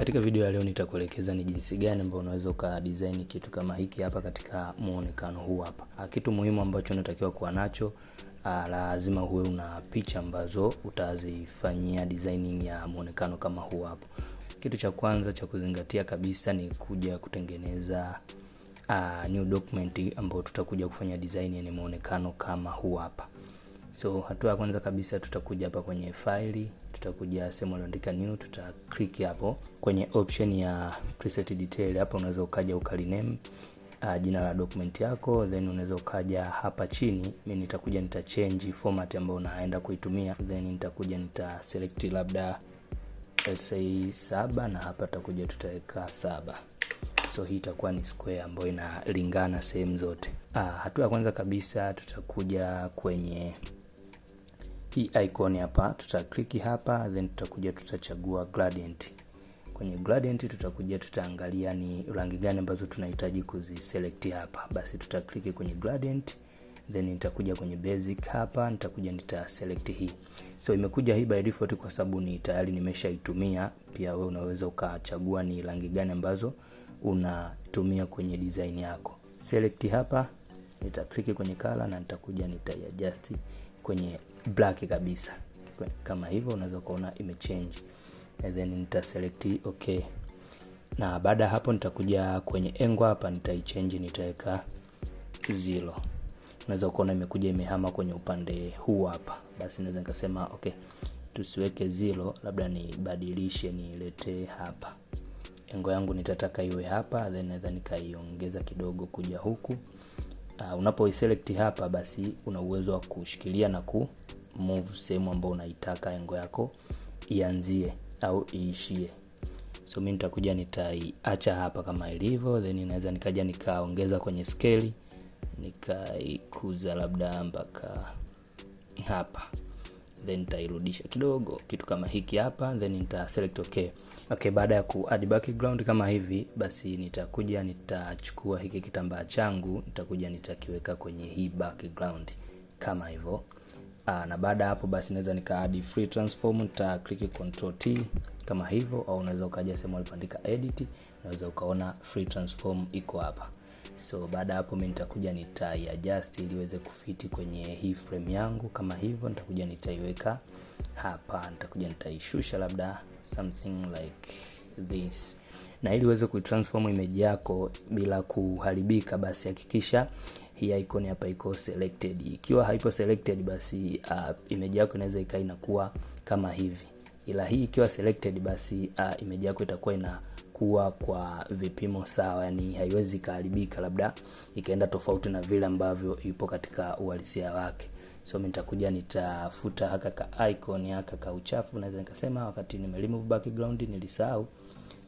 Katika video ya leo nitakuelekeza ni jinsi gani ambayo unaweza uka design kitu kama hiki hapa katika muonekano huu hapa. Ah, kitu muhimu ambacho unatakiwa kuwa nacho ah, lazima uwe una picha ambazo utazifanyia designing ya muonekano kama huu hapo. Kitu cha kwanza cha kuzingatia kabisa ni kuja kutengeneza a, ah, new document ambayo tutakuja kufanya design ya muonekano kama huu hapa. So hatua ya kwanza kabisa tutakuja hapa kwenye faili, tutakuja sehemu iliyoandika new, tuta click hapo kwenye option ya preset detail. Hapa unaweza ukaja ukaliname uh, ah, jina la document yako, then unaweza ukaja hapa chini. Mimi nitakuja nita change format ambayo unaenda kuitumia, then nitakuja nita select labda say saba, na hapa tutakuja tutaweka saba. So hii itakuwa ni square ambayo inalingana sehemu zote. Ah, hatua ya kwanza kabisa tutakuja kwenye hii icon hapa, tutakliki hapa then tutakuja tutachagua gradient. Kwenye gradient tutakuja tutaangalia ni rangi gani ambazo tunahitaji kuziselect hapa. Basi tutakliki kwenye gradient then nitakuja kwenye basic hapa, nitakuja nita select hii. So imekuja hii by default kwa sababu ni tayari nimeshaitumia. Pia we unaweza ukachagua ni rangi gani ambazo unatumia kwenye design yako. Select hapa, nitakliki kwenye color na nitakuja nitaiadjust kwenye black kabisa kama hivyo, unaweza kuona imechange and then nitaselect okay, na baada ya hapo nitakuja kwenye angle hapa, nitaichange nitaweka zero. Unaweza kuona imekuja imehama kwenye upande huu hapa, basi naweza nikasema okay, tusiweke zero, labda nibadilishe nilete hapa. engo yangu nitataka iwe hapa, then naweza nikaiongeza kidogo kuja huku uh, ah, unapoiselect hapa, basi una uwezo wa kushikilia na ku move sehemu ambayo unaitaka engo yako ianzie au iishie. So mimi nitakuja nitaiacha hapa kama ilivyo, then naweza nikaja nikaongeza kwenye skeli nikaikuza labda mpaka hapa then nitairudisha kidogo, kitu kama hiki hapa, then nita select okay. Okay, baada ya ku add background kama hivi, basi nitakuja nitachukua hiki kitambaa changu, nitakuja nitakiweka kwenye hii background kama hivyo. Aa, ah, na baada hapo basi naweza nika add free transform, nita click control T kama hivyo, au unaweza ukaja sehemu alipandika edit, naweza ukaona free transform iko hapa so baada hapo mimi nitakuja nitaiadjust ili iweze kufiti kwenye hii frame yangu kama hivyo. Nitakuja nitaiweka hapa, nitakuja nitaishusha labda something like this, na ili uweze kuitransform image yako bila kuharibika, basi hakikisha hii icon hapa iko selected. Ikiwa haipo selected, basi uh, image yako inaweza ikaa inakuwa kama hivi, ila hii ikiwa selected, basi uh, image yako itakuwa ina kuwa kwa vipimo sawa, yani haiwezi ikaharibika labda ikaenda tofauti na vile ambavyo ipo katika uhalisia wake. So mimi nitakuja nitafuta haka ka icon haka ka uchafu, naweza nikasema wakati nime remove background nilisahau,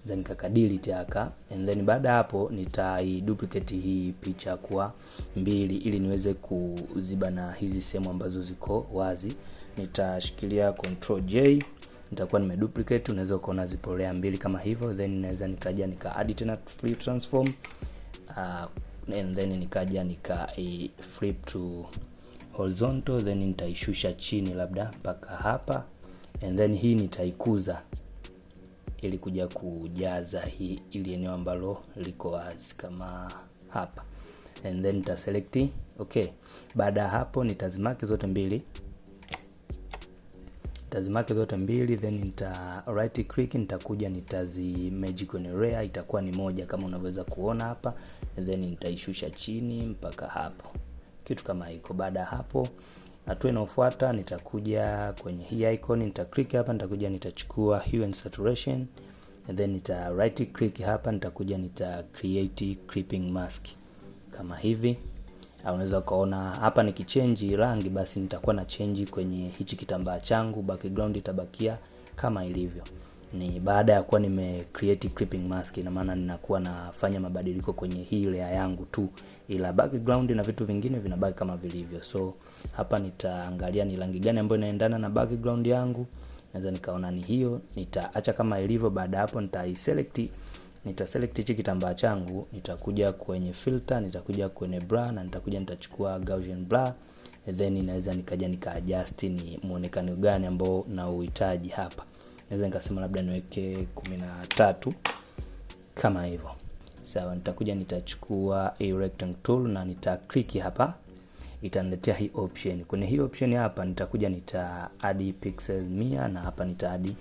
then nikakadili delete haka, and then baada hapo nitai duplicate hii picha kwa mbili, ili niweze kuziba na hizi sehemu ambazo ziko wazi. Nitashikilia control J nitakuwa nime duplicate, unaweza ukaona zipolea mbili kama hivyo, then naweza nikaja nika add tena flip transform uh, and then nikaja nika i flip to horizontal, then nitaishusha chini labda mpaka hapa, and then hii nitaikuza ili kuja kujaza hii ili eneo ambalo liko wazi kama hapa, and then nita select okay. Baada ya hapo nitazimaki zote mbili tazimake zote mbili then nita right click, nitakuja nitazi magic kwenye rare itakuwa ni moja kama unavyoweza kuona hapa, then nitaishusha chini mpaka hapo, kitu kama hiko. Baada ya hapo, hatua inayofuata nitakuja kwenye hii icon, nita click hapa, nitakuja nitachukua hue and saturation and then nita right click hapa, nitakuja nita create clipping mask kama hivi. Ah, unaweza ukaona hapa nikichenji rangi, basi nitakuwa na chenji kwenye hichi kitambaa changu, background itabakia kama ilivyo. Ni baada ya kuwa nime create creeping mask, ina maana ninakuwa nafanya mabadiliko kwenye hii layer yangu tu, ila background na vitu vingine vinabaki kama vilivyo. So hapa nitaangalia ni rangi gani ambayo inaendana na background yangu, naweza nikaona ni hiyo, nitaacha kama ilivyo. Baada hapo nitaiselect nitaselect hichi kitambaa changu, nitakuja kwenye filter, nitakuja kwenye blur na nitakuja nitachukua Gaussian blur, then inaweza nikaja nika adjust ni muonekano gani ambao na uhitaji hapa. Naweza nikasema labda niweke 13 kama hivyo. Sawa, nitakuja nitachukua hii rectangle tool na nita click hapa, itaniletea hii option. Kwenye hii option hapa nitakuja nita add pixel 100 na hapa nita add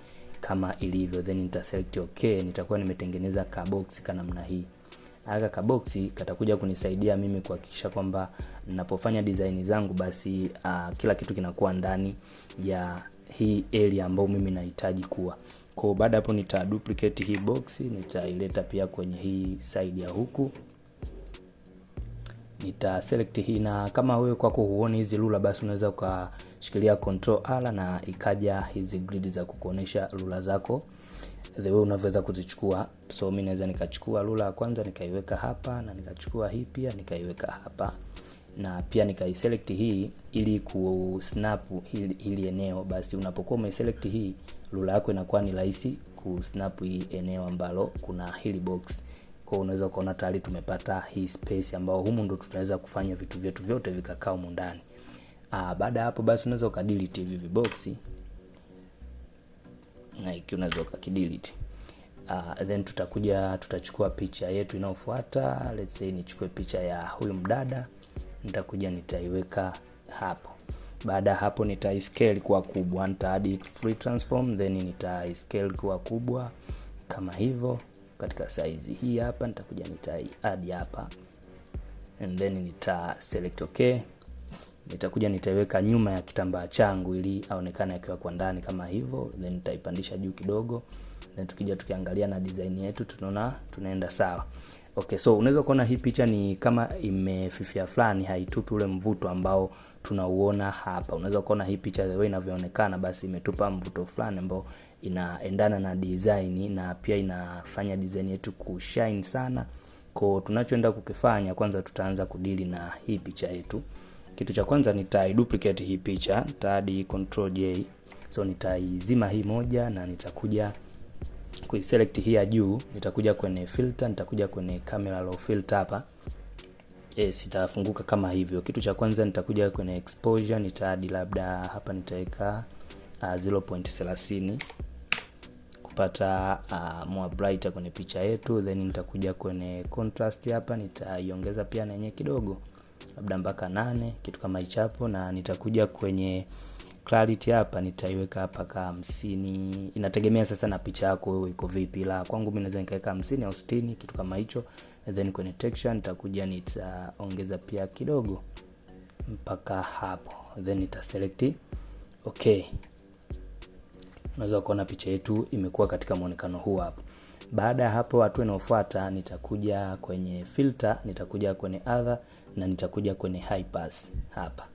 kama ilivyo, then nita select okay. Nitakuwa nimetengeneza kabox ka namna hii. Aka kaboksi katakuja kunisaidia mimi kuhakikisha kwamba ninapofanya design zangu basi uh, kila kitu kinakuwa ndani ya hii area ambayo mimi nahitaji kuwa. Kwa baada hapo nita duplicate hii box nitaileta pia kwenye hii side ya huku nita select hii, na kama wewe kwako huoni hizi rula, basi unaweza ukashikilia control ala na ikaja hizi grid za kukuonesha rula zako the way unavyoweza kuzichukua. So mimi naweza nikachukua rula ya kwanza nikaiweka hapa, na nikachukua hii pia nikaiweka hapa, na pia nikaiselect hii ili kusnap hili, hili eneo. Basi unapokuwa umeselect hii rula yako inakuwa ni rahisi kusnap hii eneo ambalo kuna hili box kwa unaweza ukaona tayari tumepata hii space ambayo humu ndo tutaweza kufanya vitu vyetu vyote vikakaa humu ndani. Ah, baada ya hapo basi unaweza ukadelete hivi viboxi na iki unaweza ukakidelete. Uh, then tutakuja tutachukua picha yetu inayofuata. Let's say nichukue picha ya huyu mdada, nitakuja nitaiweka hapo. Baada ya hapo nitaiscale kuwa kubwa, nita add free transform then nitaiscale kuwa kubwa kama hivyo katika size hii hapa, nitakuja nita add hapa and then nita select okay. Nitakuja nitaiweka nyuma ya kitambaa changu ili aonekane akiwa kwa ndani kama hivyo, then nitaipandisha juu kidogo, then tukija tukiangalia na design yetu tunaona tunaenda sawa. Okay, so unaweza kuona hii picha ni kama imefifia fulani, haitupi ule mvuto ambao tunauona hapa. Unaweza kuona hii picha the way inavyoonekana, basi imetupa mvuto fulani ambao inaendana na design na pia inafanya design yetu kushine sana. Kwa tunachoenda kukifanya, kwanza tutaanza kudili na hii picha yetu. Kitu cha kwanza nitai duplicate hii picha, nitadi control J. So nitaizima hii moja na nitakuja kuiselect hii ya juu, nitakuja kwenye filter, nitakuja kwenye camera raw filter hapa. Yes, eh, itafunguka kama hivyo. Kitu cha kwanza nitakuja kwenye exposure, nitaadi labda hapa nitaweka uh, 0.30 kupata uh, more brighter kwenye picha yetu, then nitakuja kwenye contrast hapa nitaiongeza pia na yenyewe kidogo, labda mpaka nane, kitu kama hicho na nitakuja kwenye clarity hapa nitaiweka hapa ka hamsini. Inategemea sasa na picha yako wewe iko vipi, la kwangu mimi naweza nikaweka hamsini au sitini kitu kama hicho, and then kwenye texture nitakuja nitaongeza pia kidogo mpaka hapo, then nitaselect okay. Unaweza kuona picha yetu imekuwa katika muonekano huu hapa. Baada ya hapo, hatua inayofuata nitakuja kwenye filter, nitakuja kwenye other na nitakuja kwenye high pass hapa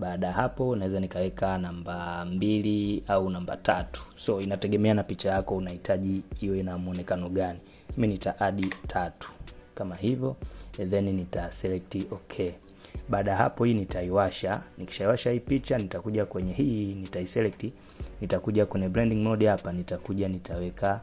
baada ya hapo naweza nikaweka namba mbili au namba tatu, so inategemea na picha yako unahitaji iwe na muonekano gani. Mimi nita adi tatu kama hivyo, then nita select Baada ya hapo hii nitaiwasha. Nikishaiwasha hii picha nitakuja kwenye hii nitaiselect, nitakuja kwenye blending mode hapa, nitakuja nitaweka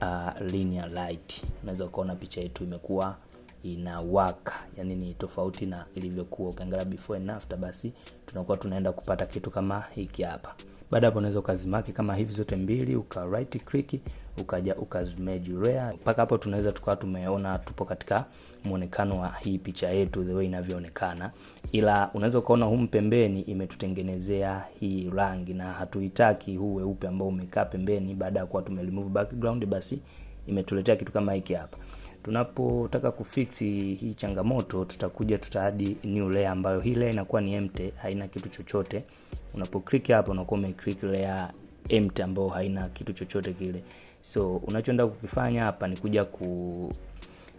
uh, linear light. Unaweza ukaona picha yetu imekuwa inawaka, yani ni tofauti na ilivyokuwa. Ukiangalia before and after, basi tunakuwa tunaenda kupata kitu kama hiki hapa. Baada hapo, unaweza ukazimaki kama hivi zote mbili, uka right click, ukaja ukazimerge layer. Mpaka hapo tunaweza tukawa tumeona tupo katika muonekano wa hii picha yetu the way inavyoonekana, ila unaweza ukaona humu pembeni imetutengenezea hii rangi, na hatuitaki huu weupe ambao umekaa pembeni. Baada ya kuwa tumeremove background, basi imetuletea kitu kama hiki hapa tunapotaka kufix hii changamoto, tutakuja tutaadi new layer, ambayo hii layer inakuwa ni empty, haina kitu chochote. Unapo click hapa, unakuwa ume click layer empty ambayo haina kitu chochote kile. So unachoenda kukifanya hapa ni kuja ku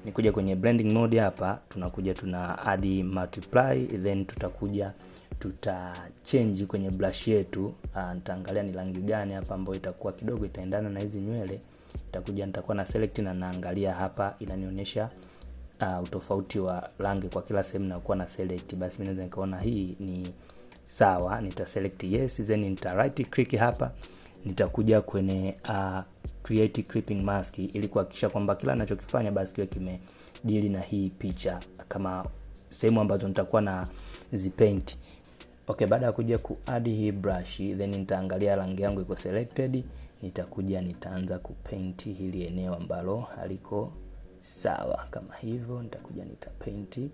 ni kuja kwenye blending mode hapa, tunakuja tuna add multiply, then tutakuja tuta change kwenye brush yetu. Ah, nitaangalia ni rangi gani hapa ambayo itakuwa kidogo itaendana na hizi nywele nitakuja nitakuwa na select na naangalia hapa inanionyesha uh, utofauti wa rangi kwa kila sehemu na kuwa na select. Basi mimi naweza nikaona hii ni sawa, nita select yes, then nita right click hapa, nitakuja kwenye uh, create creeping mask ili kuhakikisha kwamba kila ninachokifanya basi kiwe kimedili na hii picha kama sehemu ambazo nitakuwa na zipaint. Okay, baada ya kuja ku add hii brush then nitaangalia rangi yangu iko selected nitakuja nitaanza kupenti hili eneo ambalo haliko sawa kama hivyo, nitakuja nitapenti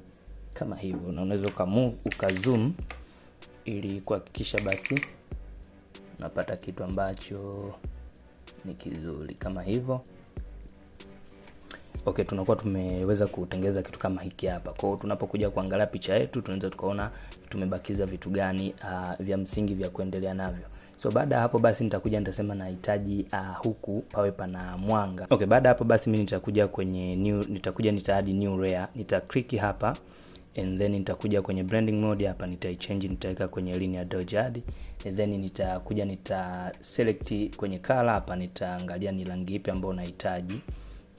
kama hivyo, na unaweza ukamove ukazoom ili kuhakikisha basi unapata kitu ambacho ni kizuri kama hivyo okay, tunakuwa tumeweza kutengeza kitu kama hiki hapa. Kwa hiyo tunapokuja kuangalia picha yetu, tunaweza tukaona tumebakiza vitu gani uh, vya msingi vya kuendelea navyo. So baada ya hapo basi nitakuja nitasema nahitaji uh, huku pawe pana mwanga. Okay, baada hapo basi mimi nitakuja kwenye new, nitakuja nitaadi new rare nita click hapa and then nitakuja kwenye blending mode hapa, nitaichange nitaweka kwenye linear dodge, and then nitakuja nita select kwenye color hapa, nitaangalia ni rangi ipi ambayo nahitaji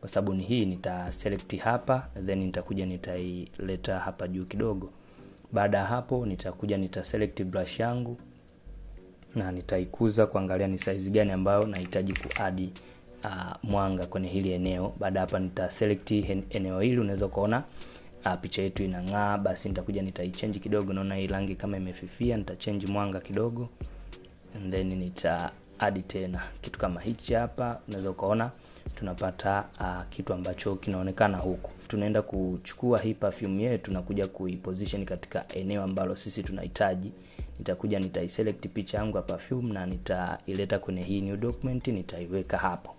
kwa sababu ni hii, nita select hapa then nitakuja nitaileta hapa juu kidogo. Baada ya hapo nitakuja nita select brush yangu na nitaikuza kuangalia ni size gani ambayo nahitaji kuadi uh, mwanga kwenye hili eneo. Baada hapa nita select eneo hili, unaweza kuona uh, picha yetu inang'aa. Basi nitakuja nitaichange kidogo, naona hii rangi kama imefifia, nitachange mwanga kidogo and then nita adi tena kitu kama hichi hapa, unaweza ukaona tunapata uh, kitu ambacho kinaonekana huku. Tunaenda kuchukua hii perfume yetu na kuja kuiposition katika eneo ambalo sisi tunahitaji. Nitakuja nitaiselect picha yangu ya perfume na nitaileta kwenye hii new document, nitaiweka hapo.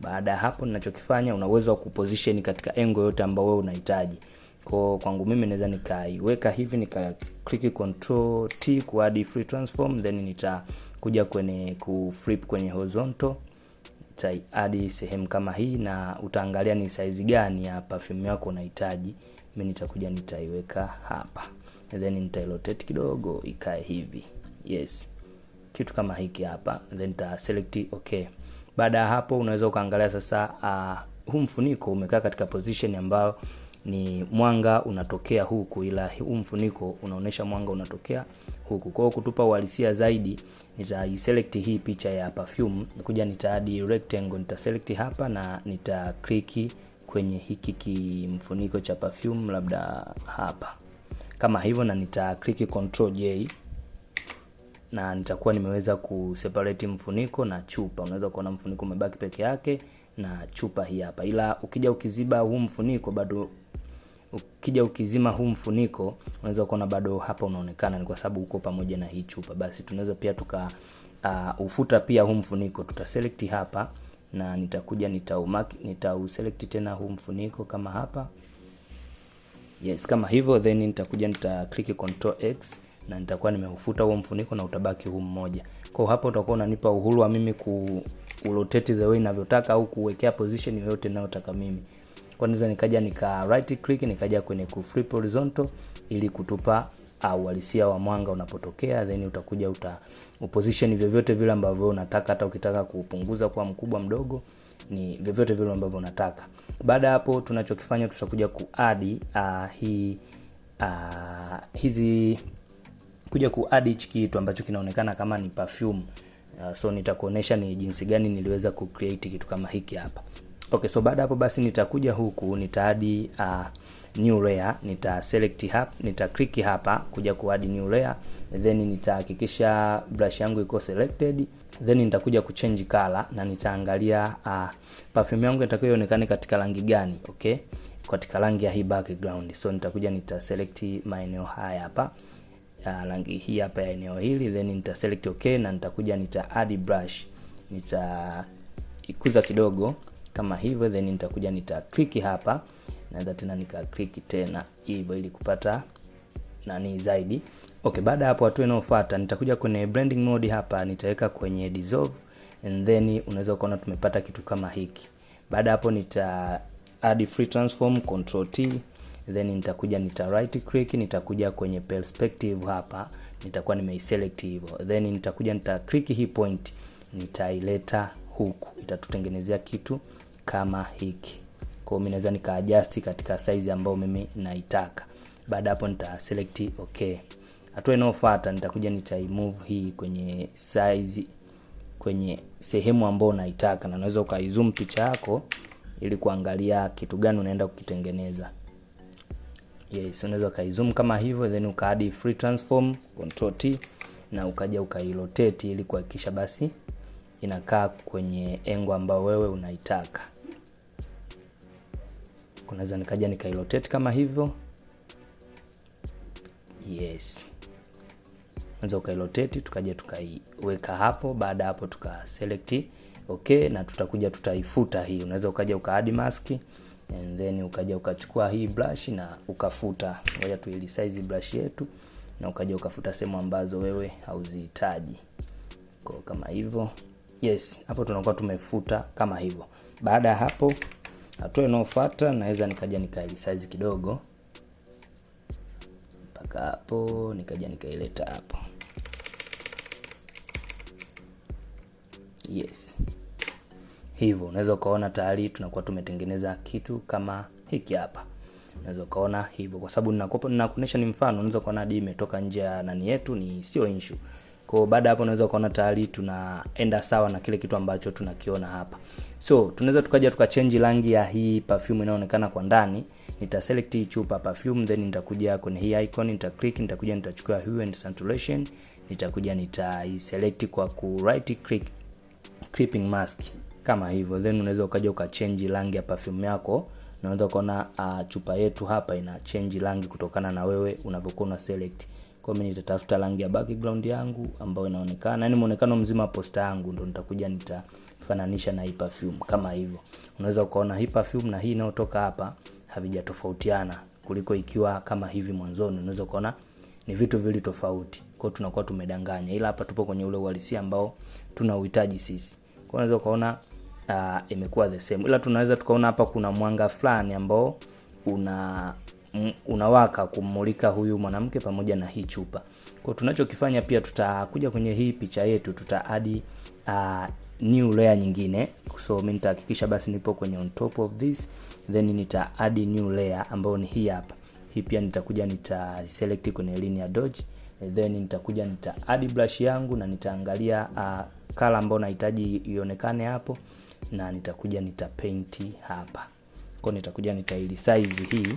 Baada ya hapo, ninachokifanya una uwezo wa kuposition katika engo yote ambayo wewe unahitaji. Kwa kwangu mimi naweza nikaiweka hivi, nika click control T kuadi free transform, then nitakuja kwenye kuflip kwenye horizontal hadi sehemu kama hii, na utaangalia ni saizi gani ya perfume yako unahitaji. Mimi nitakuja nitaiweka hapa then nitailotate kidogo ikae hivi, yes, kitu kama hiki hapa, then ta select okay. Baada ya hapo, unaweza ukaangalia sasa, uh, huu mfuniko umekaa katika position ambayo ni mwanga unatokea huku, ila huu mfuniko unaonesha mwanga unatokea huku. Kwa kutupa uhalisia zaidi, nitaiselekti hii picha ya perfume, nikuja nitaadi rectangle, nitaselect hapa na nita click kwenye hiki kimfuniko cha perfume, labda hapa kama hivyo, na nita click control J na nitakuwa nimeweza kuseparate mfuniko na chupa. Unaweza kuona mfuniko umebaki peke yake na chupa hii hapa, ila ukija ukiziba huu mfuniko bado ukija ukizima huu mfuniko unaweza kuona bado hapa unaonekana, ni kwa sababu uko pamoja na hii chupa. Basi tunaweza pia tuka uh, ufuta pia huu mfuniko, tutaselect hapa na nitakuja nitaumark, nitauselect tena huu mfuniko kama hapa, yes, kama hivyo, then nitakuja nita click control x na nitakuwa nimeufuta huo mfuniko na utabaki huu mmoja. Kwa hapo utakuwa unanipa uhuru wa mimi ku rotate the way ninavyotaka au kuwekea position yoyote ninayotaka mimi kwa nikaja nika right click nikaja kwenye ku flip horizontal ili kutupa ah, uhalisia wa mwanga unapotokea, then utakuja uta uposition vyovyote vile ambavyo unataka, hata ukitaka kupunguza kwa mkubwa mdogo, ni vyovyote vile ambavyo unataka. Baada hapo, tunachokifanya tutakuja kuadi uh, ah, hii uh, ah, hizi kuja kuadi hichi kitu ambacho kinaonekana kama ni perfume. Uh, so nitakuonesha ni jinsi gani niliweza kucreate kitu kama hiki hapa. Okay, so baada hapo basi nitakuja huku nitaadi uh, new layer, nita select hapa, nita click hapa kuja kuadi new layer, then nitahakikisha brush yangu iko selected, then nitakuja kuchange color na nitaangalia uh, perfume yangu itakayoonekana katika rangi gani. Okay, katika rangi ya hii background, so nitakuja nita select maeneo haya hapa rangi uh, hii hapa ya eneo hili, then nita select okay, na nitakuja nita add brush, nita ikuza kidogo kama hivyo, then nitakuja nita click hapa, naweza tena nika click tena hivyo ili kupata nani zaidi. Okay, baada hapo, hatua inayofuata nitakuja kwenye branding mode hapa, nitaweka kwenye dissolve and then unaweza kuona tumepata kitu kama hiki. Baada hapo, nita add free transform control T then nitakuja nita right click, nitakuja kwenye perspective hapa, nitakuwa nimeiselect hivyo, then nitakuja nita click hii point, nitaileta huku, itatutengenezea kitu kama hiki. Kwa hiyo naweza nika adjust katika size ambayo mimi naitaka. Baada hapo nita select okay. Hatua inayofuata nitakuja nita move hii kwenye size kwenye sehemu ambayo unaitaka na unaweza ukaizoom picha yako ili kuangalia kitu gani unaenda kukitengeneza. Yes, unaweza ukaizoom kama hivyo then ukaadi free transform control T na ukaja ukairotate ili kuhakikisha basi inakaa kwenye engo ambayo wewe unaitaka kunaweza nikaja nikairotate kama hivyo yes unaweza ukairotate tukaja tukaiweka hapo baada hapo select okay na tutakuja tutaifuta hii unaweza ukaja ukaadi mask and then ukaja ukachukua hii brush na ukafuta ngoja tuilisize brush yetu na ukaja ukafuta sehemu ambazo wewe hauzihitaji kwa kama hivyo yes hapo tunakuwa tumefuta kama hivyo baada ya hapo Hatua inayofuata naweza nikaja nikaisize kidogo mpaka hapo, nikaja nikaileta hapo. Yes, hivyo unaweza ukaona tayari tunakuwa tumetengeneza kitu kama hiki hapa. Unaweza ukaona hivyo, kwa sababu nakuonyesha ni mfano. Unaweza kuona hadi imetoka nje ya nani yetu, ni sio issue. Kwa baada hapo unaweza ukaona tayari tunaenda sawa na kile kitu ambacho tunakiona hapa. So tunaweza tukaja tukachange rangi ya hii perfume inayoonekana kwa ndani. Nita select hii chupa perfume, then nitakuja kwenye hii icon, nita click, nitakuja nitachukua hue and saturation, nitakuja nita select kwa ku right click creeping mask kama hivyo, then unaweza ukaja ukachange rangi ya perfume yako na unaweza ukaona uh, chupa yetu hapa ina change rangi kutokana na wewe unavyokuwa una select. Kwa mimi nitatafuta rangi ya background yangu ambayo inaonekana, yani muonekano mzima wa posta yangu ndo nitakuja nitafananisha na hii perfume kama hivyo. Unaweza ukaona hii perfume na hii inayotoka hapa havijatofautiana kuliko ikiwa kama hivi mwanzoni, unaweza ukaona ni vitu vili tofauti. Kwa hiyo tunakuwa tumedanganya, ila hapa tupo kwenye ule uhalisia ambao tunauhitaji sisi. Kwa unaweza ukaona uh, imekuwa the same, ila tunaweza tukaona hapa kuna mwanga fulani ambao una unawaka kummulika huyu mwanamke pamoja na hii chupa. Kwa tunachokifanya pia, tutakuja kwenye hii picha yetu tuta add uh, new layer nyingine. So mimi nitahakikisha basi nipo kwenye on top of this, then nita add new layer ambayo ni hii hapa. Hii pia nitakuja nita select kwenye linear dodge, then nitakuja nita add brush yangu na nitaangalia uh, color ambayo nahitaji ionekane hapo, na nitakuja nita paint hapa. Kwa nitakuja nita size hii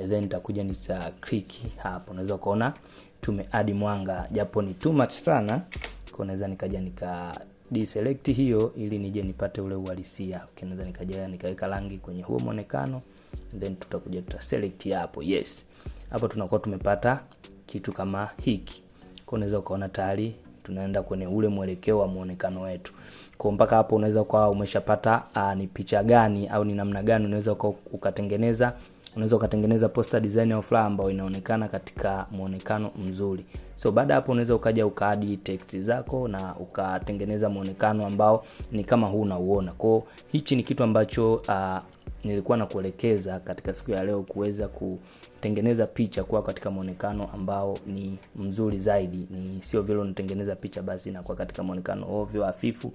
Eh, then nitakuja nita click hapo. Unaweza kuona tumeadi mwanga japo ni too much sana, kwa naweza nikaja nika deselect hiyo ili nije nipate ule uhalisia. Okay, naweza nikaja nikaweka rangi kwenye huo muonekano then tutakuja tuta select hapo. Yes, hapo tunakuwa tumepata kitu kama hiki. Kwa unaweza ukaona tayari tunaenda kwenye ule mwelekeo wa muonekano wetu. Kwa mpaka hapo unaweza kwa umeshapata ah, ni picha gani au ni namna gani unaweza ukatengeneza unaweza ukatengeneza poster design au flyer ambayo inaonekana katika muonekano mzuri. So baada hapo unaweza ukaja ukaadi text zako na ukatengeneza muonekano ambao ni kama huu unauona. Kwa hichi ni kitu ambacho uh, nilikuwa nakuelekeza katika siku ya leo kuweza kutengeneza picha kwa katika muonekano ambao ni mzuri zaidi, ni sio vile unatengeneza picha basi na kwa katika muonekano ovyo hafifu.